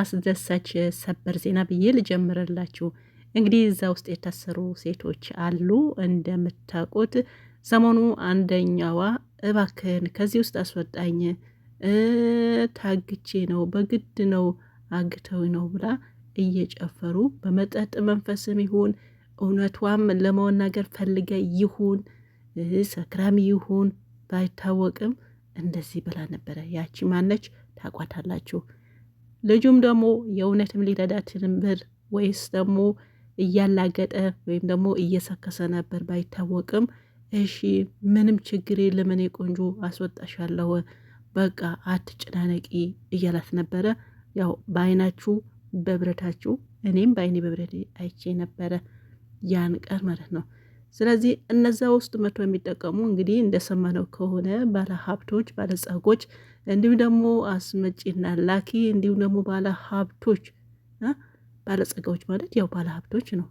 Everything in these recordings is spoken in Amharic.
አስደሳች ሰበር ዜና ብዬ ልጀምርላችሁ። እንግዲህ እዛ ውስጥ የታሰሩ ሴቶች አሉ። እንደምታውቁት ሰሞኑ አንደኛዋ እባክን ከዚህ ውስጥ አስወጣኝ፣ ታግቼ ነው በግድ ነው አግተው ነው ብላ እየጨፈሩ በመጠጥ መንፈስም ይሁን እውነቷም ለመናገር ፈልገ ይሁን ሰክራሚ ይሁን ባይታወቅም እንደዚህ ብላ ነበረ። ያቺ ማነች ታቋታላችሁ? ልጁም ደግሞ የእውነትም ሊረዳት ብር ወይስ ደግሞ እያላገጠ ወይም ደግሞ እየሰከሰ ነበር ባይታወቅም፣ እሺ ምንም ችግር የለም እኔ ቆንጆ አስወጣሻለሁ በቃ አትጨናነቂ እያላት ነበረ። ያው በአይናችሁ በብረታችሁ እኔም በአይኔ በብረት አይቼ ነበረ ያን ቀን ማለት ነው። ስለዚህ እነዛ ውስጥ መቶ የሚጠቀሙ እንግዲህ እንደሰማነው ከሆነ ባለ ሀብቶች፣ ባለጸጎች እንዲሁም ደግሞ አስመጪና ላኪ እንዲሁም ደግሞ ባለ ሀብቶች ባለጸጋዎች ማለት ያው ባለ ሀብቶች ነው።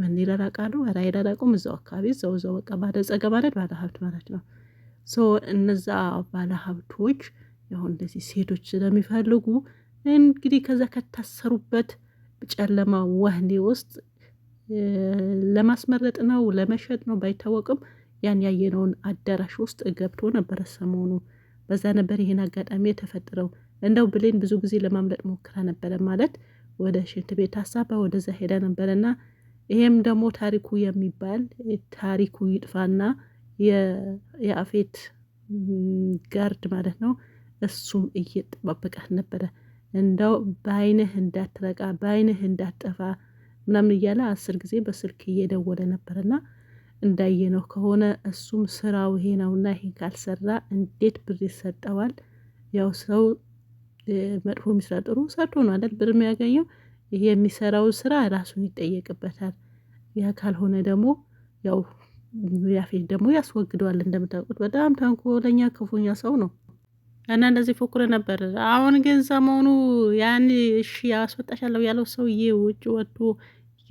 ምን ይላላቃሉ? ራ አይላላቁም። እዛው አካባቢ እዛው እዛው በቃ ባለጸጋ ማለት ባለ ሀብት ማለት ነው። እነዛ ባለ ሀብቶች ያው እንደዚህ ሴቶች ስለሚፈልጉ እንግዲህ ከዛ ከታሰሩበት ጨለማ ወህኒ ውስጥ ለማስመረጥ ነው ለመሸጥ ነው ባይታወቅም ያን ያየነውን አዳራሽ ውስጥ ገብቶ ነበረ ሰሞኑ በዛ ነበር ይህን አጋጣሚ የተፈጠረው። እንደው ብሌን ብዙ ጊዜ ለማምለጥ ሞክራ ነበረ ማለት ወደ ሽንት ቤት ሀሳባ ወደዛ ሄዳ ነበረና ይሄም ደግሞ ታሪኩ የሚባል ታሪኩ ይጥፋና የአፌት ጋርድ ማለት ነው እሱም እየጠባበቃት ነበረ። እንደው በአይንህ እንዳትረቃ በአይንህ እንዳትጠፋ ምናምን እያለ አስር ጊዜ በስልክ እየደወለ ነበርና እንዳየነው ከሆነ እሱም ስራው ይሄ ነውና ይሄን ካልሰራ እንዴት ብር ይሰጠዋል? ያው ሰው መጥፎ የሚሰራ ጥሩ ሰርቶ ነው አይደል ብር የሚያገኘው። ይሄ የሚሰራው ስራ ራሱን ይጠየቅበታል። ያ ካልሆነ ደግሞ ያው ያፌት ደግሞ ያስወግደዋል። እንደምታውቁት በጣም ተንኮለኛ ክፉኛ ሰው ነው እና እንደዚህ ፎክረ ነበር። አሁን ግን ሰሞኑ ያን እሺ ያስወጣሻለሁ ያለው ሰውዬ ውጭ ወጥቶ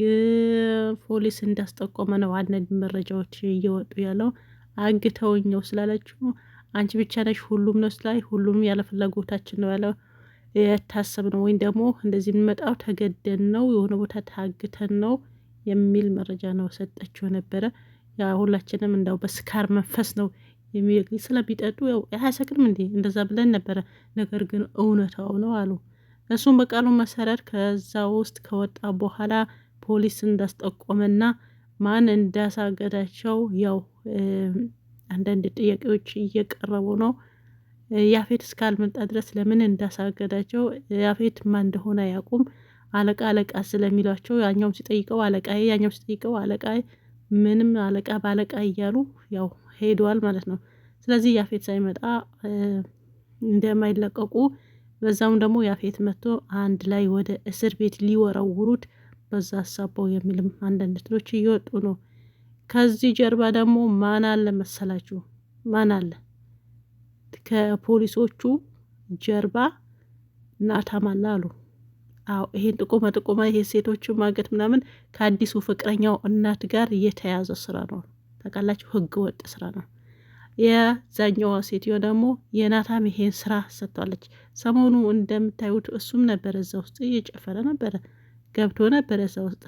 የፖሊስ እንዳስጠቆመ ነው አንዳንድ መረጃዎች እየወጡ ያለው። አግተውኝ ነው ስላለችው አንቺ ብቻ ነሽ ሁሉም ነው ስላይ ሁሉም ያለ ፍላጎታችን ነው ያለው የታሰብ ነው ወይም ደግሞ እንደዚህ የምንመጣው ተገደን ነው የሆነ ቦታ ታግተን ነው የሚል መረጃ ነው ሰጠችው ነበረ። ያ ሁላችንም እንዳው በስካር መንፈስ ነው ስለሚጠጡ ያው አያሰክርም እንዴ እንደዛ ብለን ነበረ። ነገር ግን እውነታው ነው አሉ። እሱም በቃሉ መሰረት ከዛ ውስጥ ከወጣ በኋላ ፖሊስ እንዳስጠቆመና ማን እንዳሳገዳቸው ያው አንዳንድ ጥያቄዎች እየቀረቡ ነው። ያፌት እስካልመጣ ድረስ ለምን እንዳሳገዳቸው ያፌት ማን እንደሆነ አያውቁም። አለቃ አለቃ ስለሚሏቸው ያኛውም ሲጠይቀው አለቃ ያኛውም ሲጠይቀው አለቃ ምንም አለቃ ባለቃ እያሉ ያው ሄደዋል ማለት ነው። ስለዚህ ያፌት ሳይመጣ እንደማይለቀቁ በዛውም ደግሞ ያፌት መጥቶ አንድ ላይ ወደ እስር ቤት ሊወረውሩት በዛ አሳበው የሚልም አንዳንድ ትሎች እየወጡ ነው። ከዚህ ጀርባ ደግሞ ማን አለ መሰላችሁ? ማን አለ ከፖሊሶቹ ጀርባ ናታማላ አሉ አዎ ይሄን ጥቁመ ጥቁማ ይሄ ሴቶቹ ማገት ምናምን ከአዲሱ ፍቅረኛው እናት ጋር የተያዘ ስራ ነው። ታውቃላችሁ፣ ህግ ወጥ ስራ ነው። የዛኛዋ ሴትዮ ደግሞ የናታም ይሄን ስራ ሰጥቷለች። ሰሞኑ እንደምታዩት እሱም ነበረ እዛ ውስጥ እየጨፈረ ነበረ ገብቶ ነበረ እዛ ውስጥ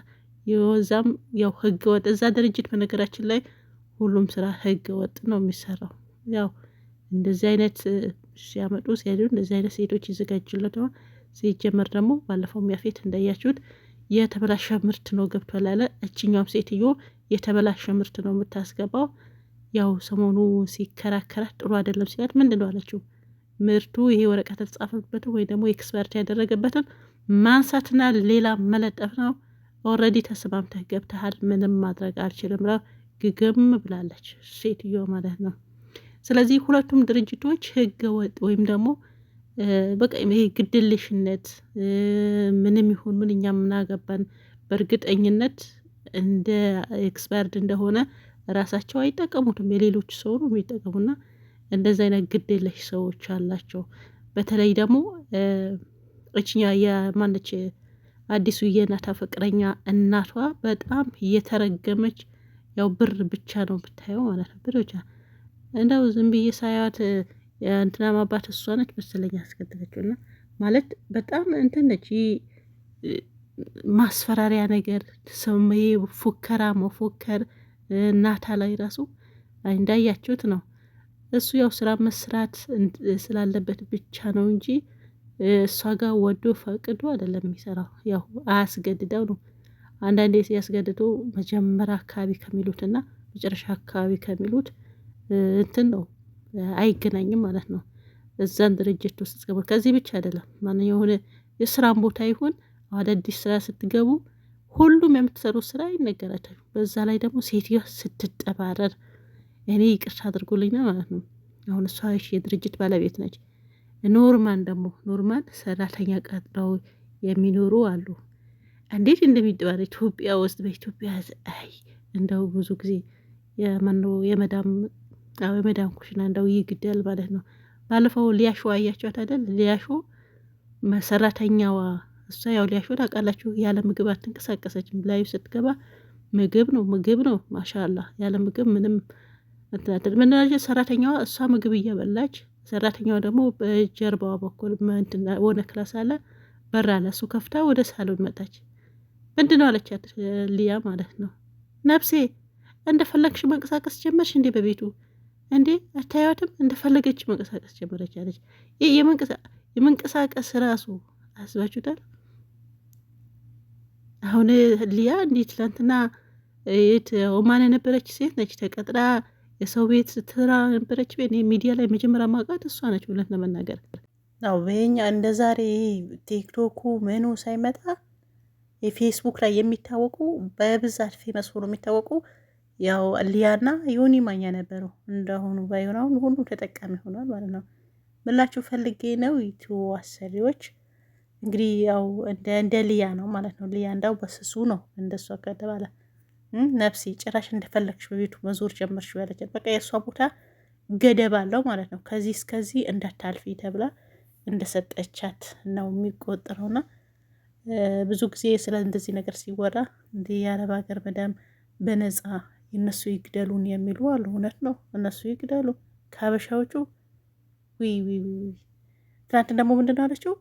የወዛም ያው ህገ ወጥ እዛ ድርጅት በነገራችን ላይ ሁሉም ስራ ህገ ወጥ ነው የሚሰራው። ያው እንደዚህ አይነት ሲያመጡ ሲሄዱ እንደዚህ አይነት ሴቶች ይዘጋጅለት ሲጀመር ደግሞ ባለፈው ያፌት እንዳያችሁት የተበላሸ ምርት ነው ገብቷል አለ። እችኛውም ሴትዮ የተበላሸ ምርት ነው የምታስገባው። ያው ሰሞኑ ሲከራከራት ጥሩ አይደለም ሲላት ምንድን ነው አለችው። ምርቱ ይሄ ወረቀት የተጻፈበትን ወይ ደግሞ ኤክስፐርት ያደረገበትን ማንሳትና ሌላ መለጠፍ ነው። ኦልሬዲ ተስማምተህ ገብተሃል፣ ምንም ማድረግ አልችልም ራ ግግም ብላለች ሴትዮ ማለት ነው። ስለዚህ ሁለቱም ድርጅቶች ህገ ወጥ ወይም ደግሞ በቃ ይሄ ግድልሽነት ምንም ይሁን ምን እኛ ምናገባን በእርግጠኝነት እንደ ኤክስፓየርድ እንደሆነ ራሳቸው አይጠቀሙትም የሌሎች ሰው ነው የሚጠቀሙና እንደዚ አይነት ግድ ሰዎች አላቸው። በተለይ ደግሞ እችኛ የማነች አዲሱ የናታ ፍቅረኛ እናቷ በጣም እየተረገመች ያው ብር ብቻ ነው የምታየው ማለት ነው ብር ብቻ እንደው ዝም ብዬ ሳያት የእንትና አባት እሷ ነች መሰለኝ ያስገደለችው እና ማለት በጣም እንትን ነች። ማስፈራሪያ ነገር ሰውዬ ፉከራ መፎከር እናታ ላይ ራሱ እንዳያችሁት ነው። እሱ ያው ስራ መስራት ስላለበት ብቻ ነው እንጂ እሷ ጋር ወዶ ፈቅዶ አይደለም የሚሰራው። ያው አያስገድደው ነው። አንዳንዴ ሲያስገድዶ መጀመሪያ አካባቢ ከሚሉትና መጨረሻ አካባቢ ከሚሉት እንትን ነው አይገናኝም ማለት ነው። እዛን ድርጅት ውስጥ ስትገቡ ከዚህ ብቻ አይደለም ማንኛውም የሆነ የስራን ቦታ ይሁን አዳዲስ ስራ ስትገቡ ሁሉም የምትሰሩ ስራ ይነገራችኋል። በዛ ላይ ደግሞ ሴትዮዋ ስትጠባረር እኔ ይቅርታ አድርጉልኝና ማለት ነው። አሁን እሷ የድርጅት ባለቤት ነች። ኖርማን ደግሞ ኖርማን ሰራተኛ ቀጥረው የሚኖሩ አሉ። እንዴት እንደሚደባረ ኢትዮጵያ ውስጥ በኢትዮጵያ አይ እንደው ብዙ ጊዜ የመኖ የመዳም አዎ የመዳም ኩሽና እንደው ይግደል ማለት ነው። ባለፈው ሊያሾ አያቸዋት አይደል? ሊያሾ መሰራተኛዋ እሷ ያው ሊያሾ ታውቃላችሁ፣ ያለ ምግብ አትንቀሳቀሰችም። ላይ ስትገባ ምግብ ነው ምግብ ነው ማሻላ። ያለ ምግብ ምንም ምንናጀ ሰራተኛዋ እሷ ምግብ እየበላች ሰራተኛዋ ደግሞ በጀርባዋ በኩል ሆነ ክላስ አለ በር አለ። እሱ ከፍታ ወደ ሳሎን መጣች። ምንድን ነው አለቻት ሊያ ማለት ነው። ነፍሴ እንደፈለግሽ መንቀሳቀስ ጀመርሽ እንዴ በቤቱ እንዴ አታያትም? እንደፈለገች መንቀሳቀስ ጀመረች አለች። የመንቀሳቀስ ራሱ አስባችሁታል? አሁን ሊያ እንዲህ ትላንትና የት ኦማን የነበረች ሴት ነች፣ ተቀጥራ የሰው ቤት ስትራ ነበረች። ሚዲያ ላይ መጀመሪያ ማውቃት እሷ ነች። እውነት ለመናገር ው በኛ እንደ ዛሬ ቲክቶኩ ምኑ ሳይመጣ የፌስቡክ ላይ የሚታወቁ በብዛት ፌመስ ሆኖ የሚታወቁ ያው ሊያና ዮኒ ማኛ ነበሩ። እንደሆኑ ባይሆን አሁን ሁሉም ተጠቃሚ ሆኗል ማለት ነው። ምላችሁ ፈልጌ ነው ዩቲዩብ አሰሪዎች እንግዲህ ያው እንደ ሊያ ነው ማለት ነው። ሊያ እንዳው በስሱ ነው እንደሷ ከተባለ ነፍሴ ጭራሽ እንደፈለግሽ በቤቱ መዞር ጀመርሽ ያለች በቃ የእሷ ቦታ ገደብ አለው ማለት ነው። ከዚህ እስከዚህ እንዳታልፊ ተብላ እንደሰጠቻት ነው የሚቆጠረውና ብዙ ጊዜ ስለ እንደዚህ ነገር ሲወራ እንዲህ የአረብ ሀገር መዳም በነፃ እነሱ ይግደሉን የሚሉ አሉ። እውነት ነው፣ እነሱ ይግደሉ ከሀበሻዎቹ። ትናንት ደግሞ ምንድን አለችው?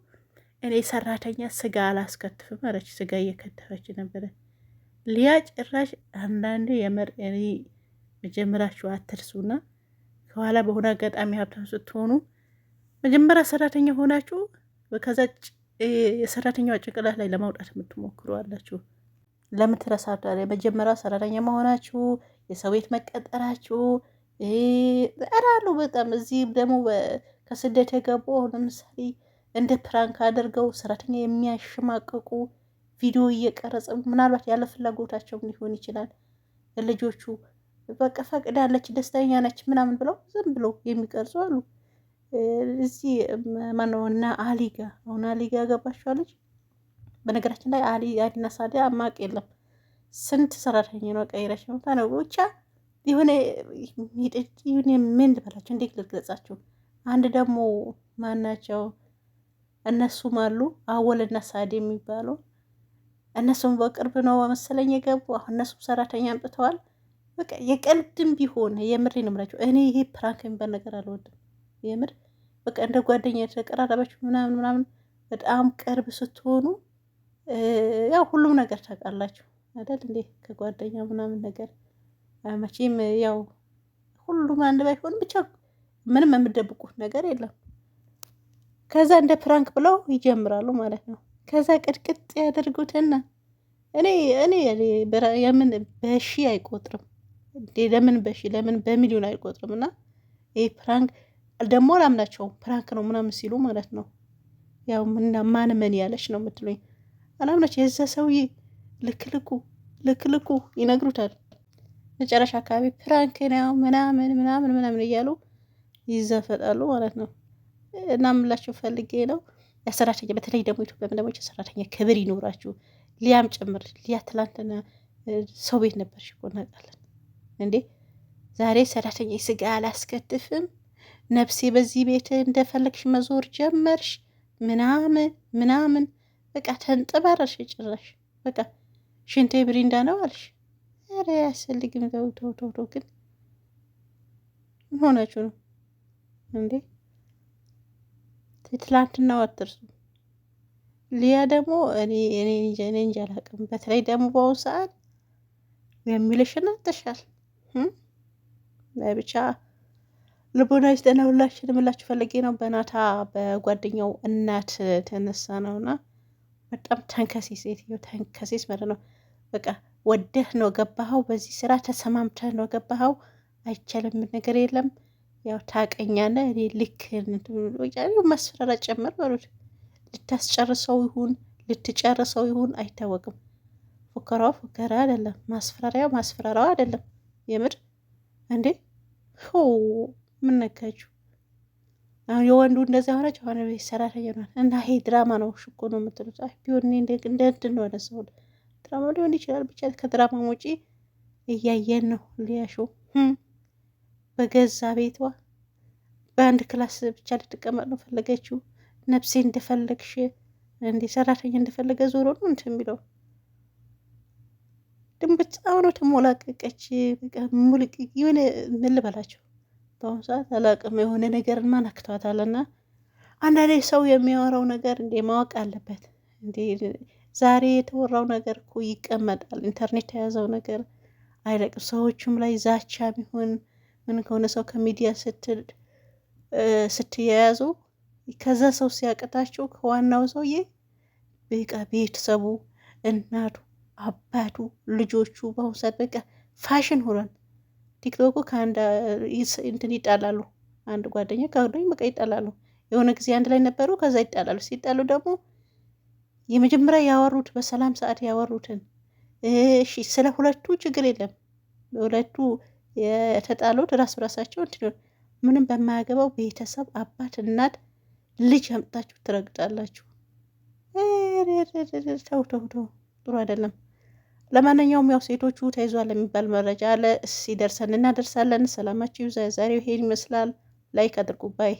እኔ ሰራተኛ ስጋ አላስከትፍም አለች። ስጋ እየከተፈች ነበረ ሊያ። ጭራሽ አንዳንድ የምር እኔ መጀመራችሁ አትርሱና ከኋላ በሆነ አጋጣሚ ሀብታም ስትሆኑ መጀመሪያ ሰራተኛ ሆናችሁ ከዛ የሰራተኛዋ ጭንቅላት ላይ ለማውጣት የምትሞክሩ አላችሁ። ለምን ትረሳዳለ? የመጀመሪያ ሰራተኛ መሆናችሁ፣ የሰው ቤት መቀጠራችሁ እራሉ በጣም እዚህ ደግሞ ከስደት የገቡ ለምሳሌ እንደ ፕራንክ አድርገው ሰራተኛ የሚያሸማቀቁ ቪዲዮ እየቀረጸ ምናልባት ያለ ፍላጎታቸው ሊሆን ይችላል። ልጆቹ በቃ ፈቅዳለች ደስተኛ ነች ምናምን ብለው ዝም ብለው የሚቀርጹ አሉ። እዚህ ማነው እና አሊጋ አሁን አሊጋ ያገባችኋለች በነገራችን ላይ አሊ አሊና ሳዲያ ማቅ የለም ስንት ሰራተኛ ነው ቀይረሽ ነው ብቻ የሆነ ይሁን ምን ልበላችሁ፣ እንዴት ልገጻችሁ? አንድ ደግሞ ማናቸው እነሱም አሉ አወልና ሳዲ የሚባሉ እነሱም በቅርብ ነው መሰለኝ የገቡ አሁን እነሱም ሰራተኛ አምጥተዋል። በቃ የቀልድም ቢሆን የምር ነው የምላቸው። እኔ ይሄ ፕራንክ የሚባል ነገር አልወድም። የምር በቃ እንደ ጓደኛ ተቀራረባችሁ ምናምን ምናምን በጣም ቅርብ ስትሆኑ ያው ሁሉም ነገር ታውቃላችሁ አይደል እንዴ? ከጓደኛ ምናምን ነገር መቼም ያው ሁሉም አንድ ባይሆን ብቻ ምንም የምደብቁት ነገር የለም። ከዛ እንደ ፕራንክ ብለው ይጀምራሉ ማለት ነው። ከዛ ቅጥቅጥ ያደርጉትና እኔ እኔ የምን በሺ አይቆጥርም እንዴ? ለምን በሺ ለምን በሚሊዮን አይቆጥርም? እና ይህ ፕራንክ ደግሞ አላምናቸውም ፕራንክ ነው ምናምን ሲሉ ማለት ነው። ያው ማን መን ያለች ነው የምትሉኝ አላምነች የዛ ሰውዬ ልክልኩ ልክልኩ ይነግሩታል። መጨረሻ አካባቢ ፕራንክ ነው ምናምን ምናምን ምናምን እያሉ ይዘፈጣሉ ማለት ነው። እና ምላቸው ፈልጌ ነው ያሰራተኛ በተለይ ደግሞ ኢትዮጵያ ደሞች ሰራተኛ ክብር ይኖራችሁ። ሊያም ጭምር ሊያ ትላንትና ሰው ቤት ነበርሽ እኮ እናውቃለን እንዴ። ዛሬ ሰራተኛ ስጋ አላስከትፍም ነፍሴ፣ በዚህ ቤት እንደፈለግሽ መዞር ጀመርሽ ምናምን ምናምን በቃ ተንጠባረሽ ጭራሽ በቃ ሽንቴ ብሪንዳ ነው አልሽ። ኧረ አያስፈልግም። ተውተውተውቶ ግን ምን ነው እንዴ? ትላንትናው አትርሱ። ሊያ ደግሞ እኔ እንጃ አላውቅም። በተለይ ደግሞ በአሁኑ ሰዓት የሚልሽን አጥሻል ለብቻ ልቦና ይስጠን ሁላችን። እላችሁ ፈልጌ ነው በናታ በጓደኛው እናት ተነሳ ነውና በጣም ተንከሲስ፣ ሴትዮ ተንከሴስ ማለት ነው። በቃ ወደህ ነው ገባኸው፣ በዚህ ስራ ተሰማምተህ ነው ገባኸው። አይቻልም፣ ነገር የለም ያው ታቀኛለህ። እኔ ልክ ማስፈራሪያ ጨምር በሉት። ልታስጨርሰው ይሁን ልትጨርሰው ይሁን አይታወቅም። ፉከራው ፉከራ አይደለም፣ ማስፈራሪያው ማስፈራራው አይደለም። የምር እንዴ ሆ ምን ነካችሁ? የወንዱ እንደዚያ ሆነች የሆነ ቤት ሰራተኛ ሆነ እና ይሄ ድራማ ነው ሽኮ ነው የምትሉት ቢሆን እንደንድን ሆነ ሰው ድራማ ሊሆን ይችላል። ብቻ ከድራማ ውጪ እያየን ነው። ሊያሾ በገዛ ቤቷ በአንድ ክላስ ብቻ ልትቀመጥ ነው ፈለገችው። ነፍሴ እንደፈለግሽ እንደ ሰራተኛ እንደፈለገ ዞሮ ነው እንትን የሚለው ድንብት አሁኖ ተሞላቀቀች ሙልቅ የሆነ ምን ልበላቸው በአሁኑ ሰዓት አላቅም የሆነ ነገር ማን እና አንዳንዴ ሰው የሚያወራው ነገር እንዴ ማወቅ አለበት። እንዴ ዛሬ የተወራው ነገር እኮ ይቀመጣል። ኢንተርኔት የያዘው ነገር አይለቅም። ሰዎቹም ላይ ዛቻ ቢሆን ምን ከሆነ ሰው ከሚዲያ ስትያያዙ ከዛ ሰው ሲያቅታቸው ከዋናው ሰውዬ በቃ ቤተሰቡ፣ እናቱ፣ አባቱ፣ ልጆቹ በአሁኑ ሰዓት በቃ ፋሽን ሆኗል። ቲክቶኩ ከአንድ ይጣላሉ። አንድ ጓደኛ ከአንዱ በቃ ይጣላሉ። የሆነ ጊዜ አንድ ላይ ነበሩ፣ ከዛ ይጣላሉ። ሲጣሉ ደግሞ የመጀመሪያ ያወሩት በሰላም ሰዓት ያወሩትን እሺ፣ ስለ ሁለቱ ችግር የለም ሁለቱ የተጣሉት ራስ በራሳቸው እንትን ምንም በማያገባው ቤተሰብ አባት እናት ልጅ ያምጣችሁ ትረግጣላችሁ። ተው ተው ተው፣ ጥሩ አይደለም። ለማንኛውም ያው ሴቶቹ ተይዟል የሚባል መረጃ አለ ሲደርሰን እናደርሳለን። ሰላማችሁ ዛሬው ይሄን ይመስላል። ላይክ አድርጉ ባይ